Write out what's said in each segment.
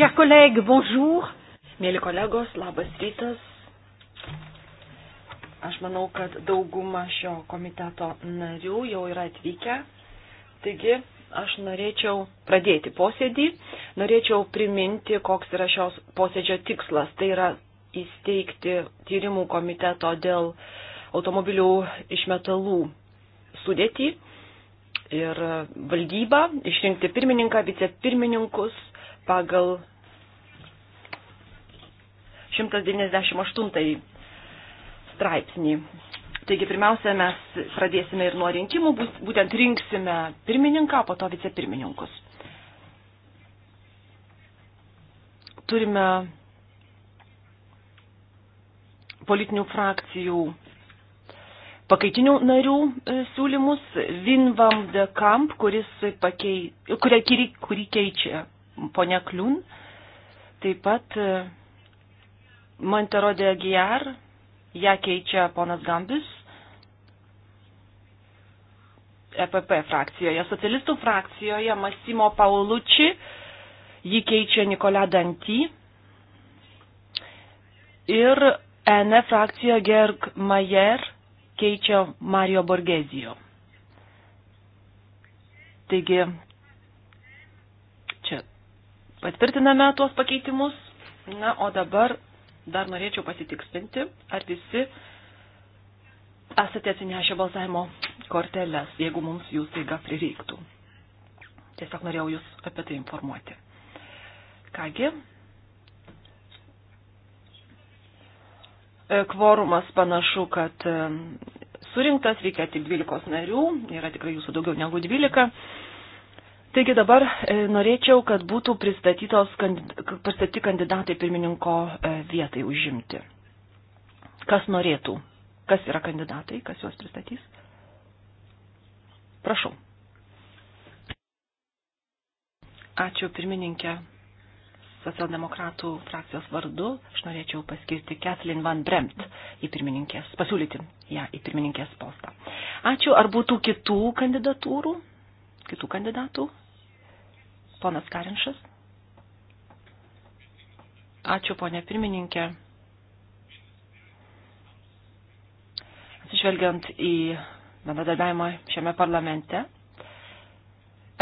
Chers collègues, bonjour. Mėly kolegos, labas rytas. Aš manau, kad dauguma šio komiteto narių jau yra atvykę. Taigi, aš norėčiau pradėti posėdį. Norėčiau priminti, koks yra šios posėdžio tikslas. Tai yra įsteigti tyrimų komiteto dėl automobilių išmetalų sudėtį ir valdybą, išrinkti pirmininką, vicepirmininkus pagal 198 straipsnį. Taigi pirmiausia, mes pradėsime ir nuo rinkimų, būtent rinksime pirmininką, po to vicepirmininkus. Turime politinių frakcijų pakaitinių narių e, siūlymus Vinvam de Kamp, kuris pakei, kurie, kurį keičia ponia Kliūn, taip pat e, Monterodė Gijar, ją keičia ponas Gambis, EPP frakcijoje, socialistų frakcijoje Masimo Paulucci, jį keičia Nikola Danty ir ENE frakcijoje Gerg Mayer keičia Mario Borgezijo. Taigi patvirtiname tuos pakeitimus. Na, o dabar dar norėčiau pasitikslinti, ar visi esate atsinešę balsavimo korteles, jeigu mums jų staiga prireiktų. Tiesiog norėjau jūs apie tai informuoti. Kągi, e, kvorumas panašu, kad e, surinktas, reikia tik 12 narių, yra tikrai jūsų daugiau negu 12. Taigi dabar e, norėčiau, kad būtų pristatytos, pristatyti kandidatai pirmininko e, vietai užimti. Kas norėtų? Kas yra kandidatai? Kas juos pristatys? Prašau. Ačiū pirmininkė socialdemokratų frakcijos vardu. Aš norėčiau paskirti Kathleen Van Bremt į pirmininkės, pasiūlyti ją į pirmininkės postą. Ačiū. Ar būtų kitų kandidatūrų? Kitų kandidatų? Ponas Karinšas. Ačiū, ponė pirmininkė. Atsižvelgiant į bendradarbiavimą šiame parlamente,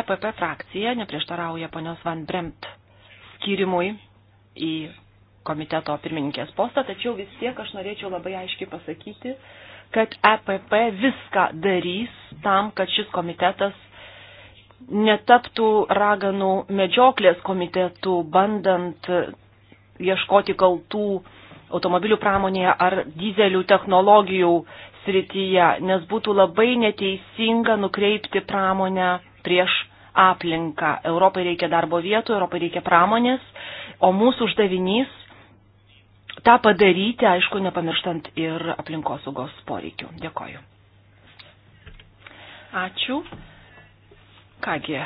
EPP frakcija neprieštarauja ponios Van Bremt skirimui į komiteto pirmininkės postą, tačiau vis tiek aš norėčiau labai aiškiai pasakyti, kad EPP viską darys tam, kad šis komitetas netaptų raganų medžioklės komitetų, bandant ieškoti kaltų automobilių pramonėje ar dizelių technologijų srityje, nes būtų labai neteisinga nukreipti pramonę prieš aplinką. Europai reikia darbo vietų, Europai reikia pramonės, o mūsų uždavinys tą padaryti, aišku, nepamirštant ir aplinkosaugos poreikių. Dėkoju. Ačiū. Kągi,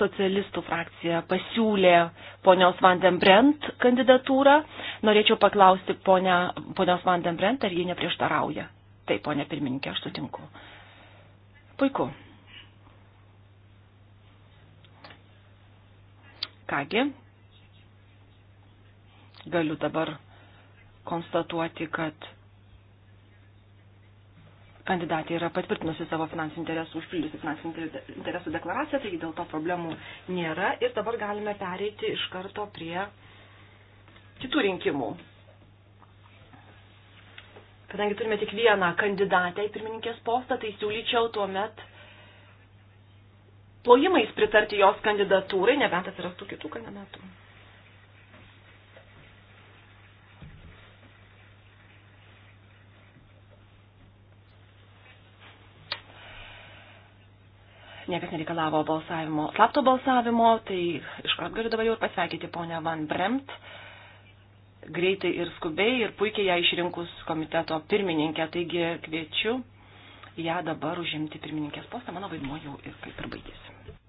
socialistų frakcija pasiūlė ponios Vandenbrent kandidatūrą. Norėčiau paklausti ponia, ponios Vandenbrent, ar ji neprieštarauja. Taip, ponia pirmininkė, aš sutinku. Puiku. Kągi, galiu dabar konstatuoti, kad kandidatė yra patvirtinusi savo finansinių interesų, užpildysi finansinių interesų deklaraciją, taigi dėl to problemų nėra. Ir dabar galime pereiti iš karto prie kitų rinkimų. Kadangi turime tik vieną kandidatę į pirmininkės postą, tai siūlyčiau tuo met plojimais pritarti jos kandidatūrai, nebent atsirastų kitų kandidatų. niekas nereikalavo balsavimo, slapto balsavimo, tai iškart galiu dabar jau ir pasveikinti ponę Van Bremt. Greitai ir skubiai ir puikiai ją išrinkus komiteto pirmininkę, taigi kviečiu ją dabar užimti pirmininkės postą, mano vaidmuo jau ir kaip ir baigėsi.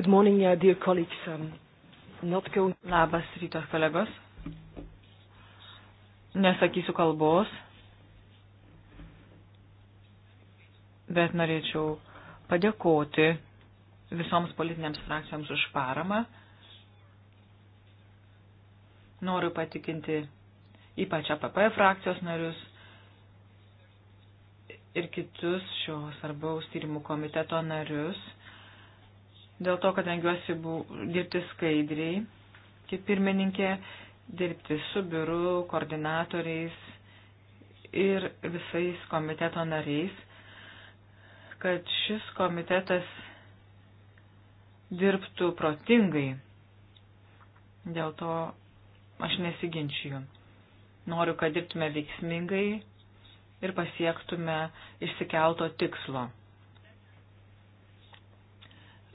Good morning, uh, dear colleagues. I'm um, not going... Labas rytas, kolegos. Nesakysiu kalbos, bet norėčiau padėkoti visoms politinėms frakcijoms už paramą. Noriu patikinti ypač APP frakcijos narius ir kitus šio svarbaus tyrimų komiteto narius – dėl to, kad tengiuosi dirbti skaidriai, kaip pirmininkė, dirbti su biuru, koordinatoriais ir visais komiteto nariais, kad šis komitetas dirbtų protingai. Dėl to aš nesiginčiu. Noriu, kad dirbtume veiksmingai ir pasiektume išsikelto tikslo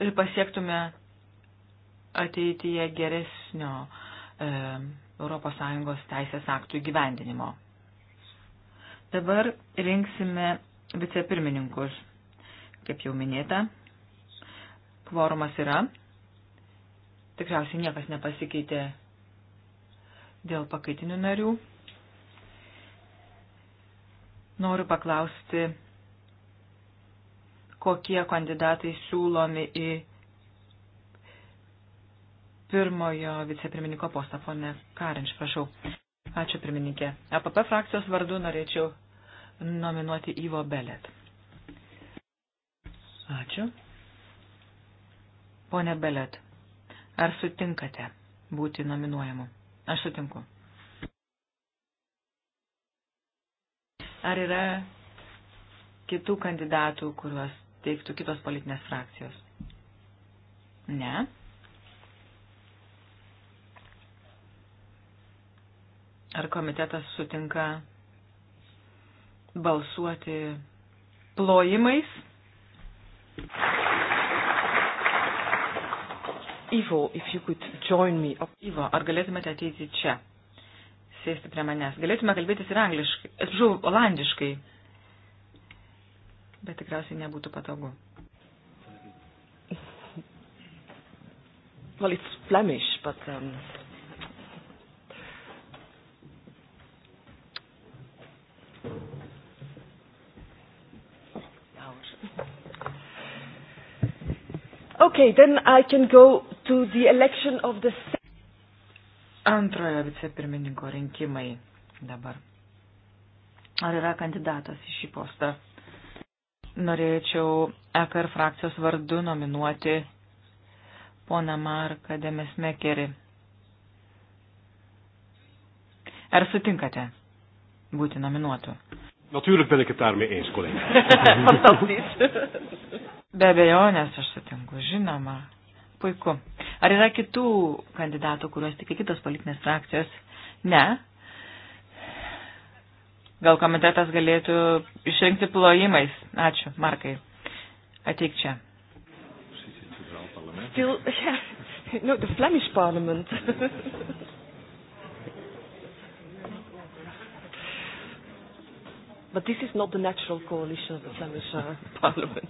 ir pasiektume ateityje geresnio e, ES teisės aktų įgyvendinimo. Dabar rinksime vicepirmininkus. Kaip jau minėta, kvorumas yra. Tikriausiai niekas nepasikeitė dėl pakaitinių narių. Noriu paklausti kokie kandidatai siūlomi į pirmojo vicepirmininko postą, ponė Karinč, prašau. Ačiū, pirmininkė. APP e frakcijos vardu norėčiau nominuoti Ivo Belet. Ačiū. Pone Belet, ar sutinkate būti nominuojamu? Aš sutinku. Ar yra kitų kandidatų, kuriuos teiktų kitos politinės frakcijos. Ne. Ar komitetas sutinka balsuoti plojimais? Ivo, if you could join me. Ivo, ar galėtumėte ateiti čia? Sėsti prie manęs. Galėtume kalbėtis ir angliškai. Atsiprašau, olandiškai bet tikriausiai nebūtų patogu. Well, it's Flemish, but um, Okay, then I can go to the election of the Antrojo vicepirmininko rinkimai dabar. Ar yra kandidatas į šį postą? norėčiau EKR frakcijos vardu nominuoti poną Marką Demesmekerį. Ar sutinkate būti nominuotu? Natuurlijk ben ik het daarmee eens, collega. Fantastisch. Be abejonės aš sutinku, žinoma. Puiku. Ar yra kitų kandidatų, kuriuos tik kitos politinės frakcijos? Ne. Gal komitetas galėtų išrinkti plojimais. Ačiū, Markai. Ateik čia. Still, yeah. No, the Flemish Parliament. But this is not the natural coalition of the Flemish uh, Parliament.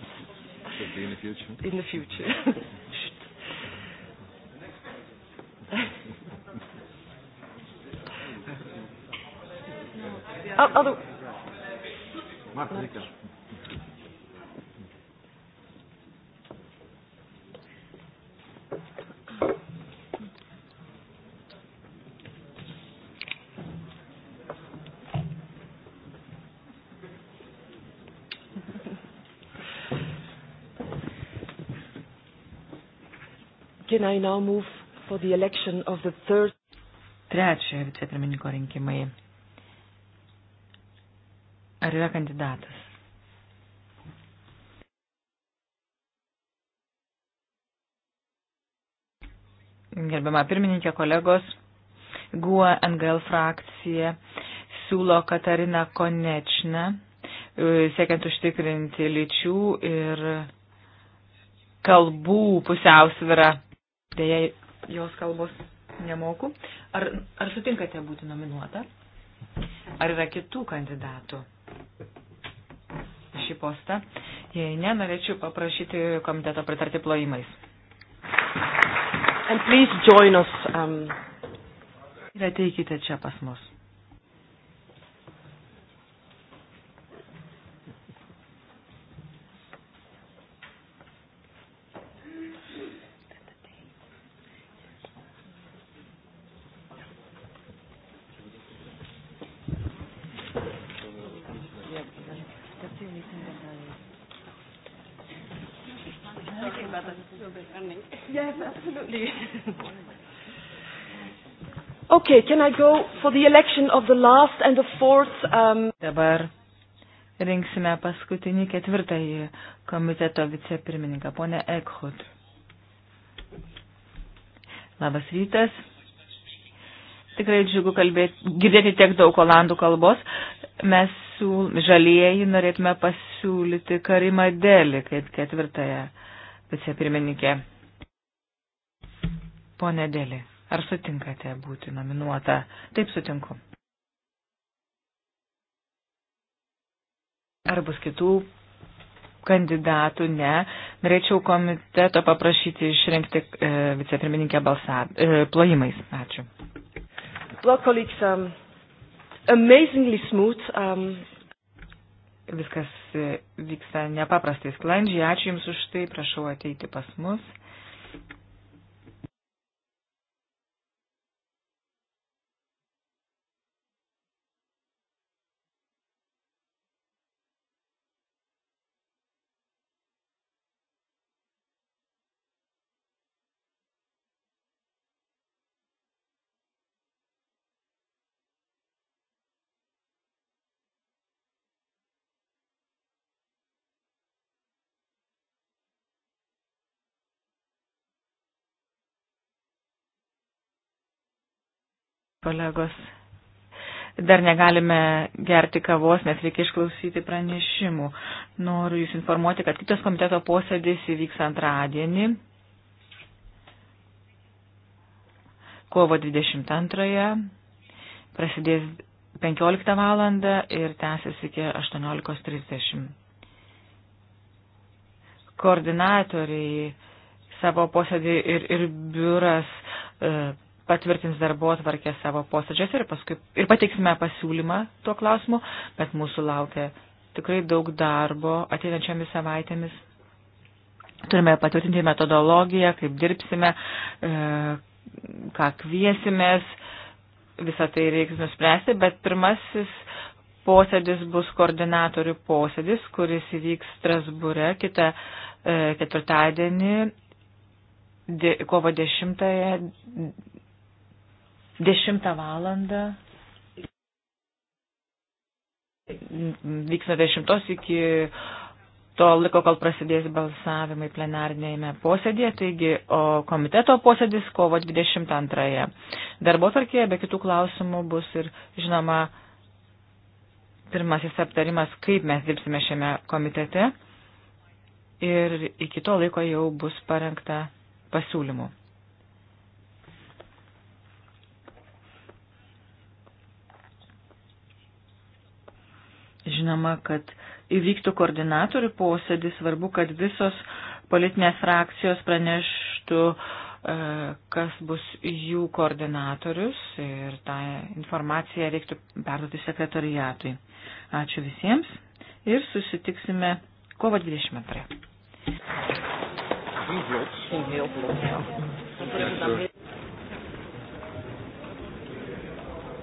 Should be in the future. In the future. Other... Can I now move for the election of the third? Trečiojo vicepirmininko rinkimai. Ar yra kandidatas? Gerbiama pirmininkė, kolegos, GUA NGL frakcija siūlo Katariną Konečną, e, siekiant užtikrinti lyčių ir kalbų pusiausvyrą. Deja, jos kalbos nemoku. Ar, ar sutinkate būti nominuota? Ar yra kitų kandidatų? šį postą. Jei ne, norėčiau paprašyti komiteto pritarti plojimais. And please join us. Um... Ir ateikite čia pas mus. Absolutely. okay, can I go for the election of the last and the fourth? Um... Dabar rinksime paskutinį ketvirtąjį komiteto vicepirmininką, ponę Ekhut. Labas rytas. Tikrai džiugu kalbėti, girdėti tiek daug olandų kalbos. Mes siūl, žalieji norėtume pasiūlyti Karimą Delį kaip ketvirtąją vicepirmininkę. Pone Dėlį, ar sutinkate būti nominuota? Taip sutinku. Ar bus kitų kandidatų? Ne. Norėčiau komiteto paprašyti išrinkti e, vicepirmininkę balsą e, plojimais. Ačiū. Well, colleagues, um, amazingly smooth. Um, viskas e, vyksta nepaprastai sklandžiai. Ačiū Jums už tai, prašau ateiti pas mus. kolegos. Dar negalime gerti kavos, nes reikia išklausyti pranešimų. Noriu Jūs informuoti, kad kitas komiteto posėdis įvyks antradienį, kovo 22-ąją, prasidės 15 val. ir tęsis iki 18.30. Koordinatoriai savo posėdį ir, ir biuras e, patvirtins darbo atvarkę savo posėdžiuose ir, paskui, ir pateiksime pasiūlymą tuo klausimu, bet mūsų laukia tikrai daug darbo ateinančiomis savaitėmis. Turime patvirtinti metodologiją, kaip dirbsime, e, ką kviesimės, visą tai reiks nuspręsti, bet pirmasis posėdis bus koordinatorių posėdis, kuris įvyks Strasbūre kitą e, ketvirtadienį kovo 10 10 valandą vyks nuo 10 iki to laiko, kol prasidės balsavimai plenarnėjame posėdėje, taigi o komiteto posėdis kovo 22. Darbo tarkėje be kitų klausimų bus ir, žinoma, pirmasis aptarimas, kaip mes dirbsime šiame komitete ir iki to laiko jau bus parengta pasiūlymų. žinoma, kad įvyktų koordinatorių posėdis, svarbu, kad visos politinės frakcijos praneštų, e, kas bus jų koordinatorius ir tą informaciją reiktų perduoti sekretariatui. Ačiū visiems ir susitiksime kovo 22. Heel vlot. Heel vlot, ja.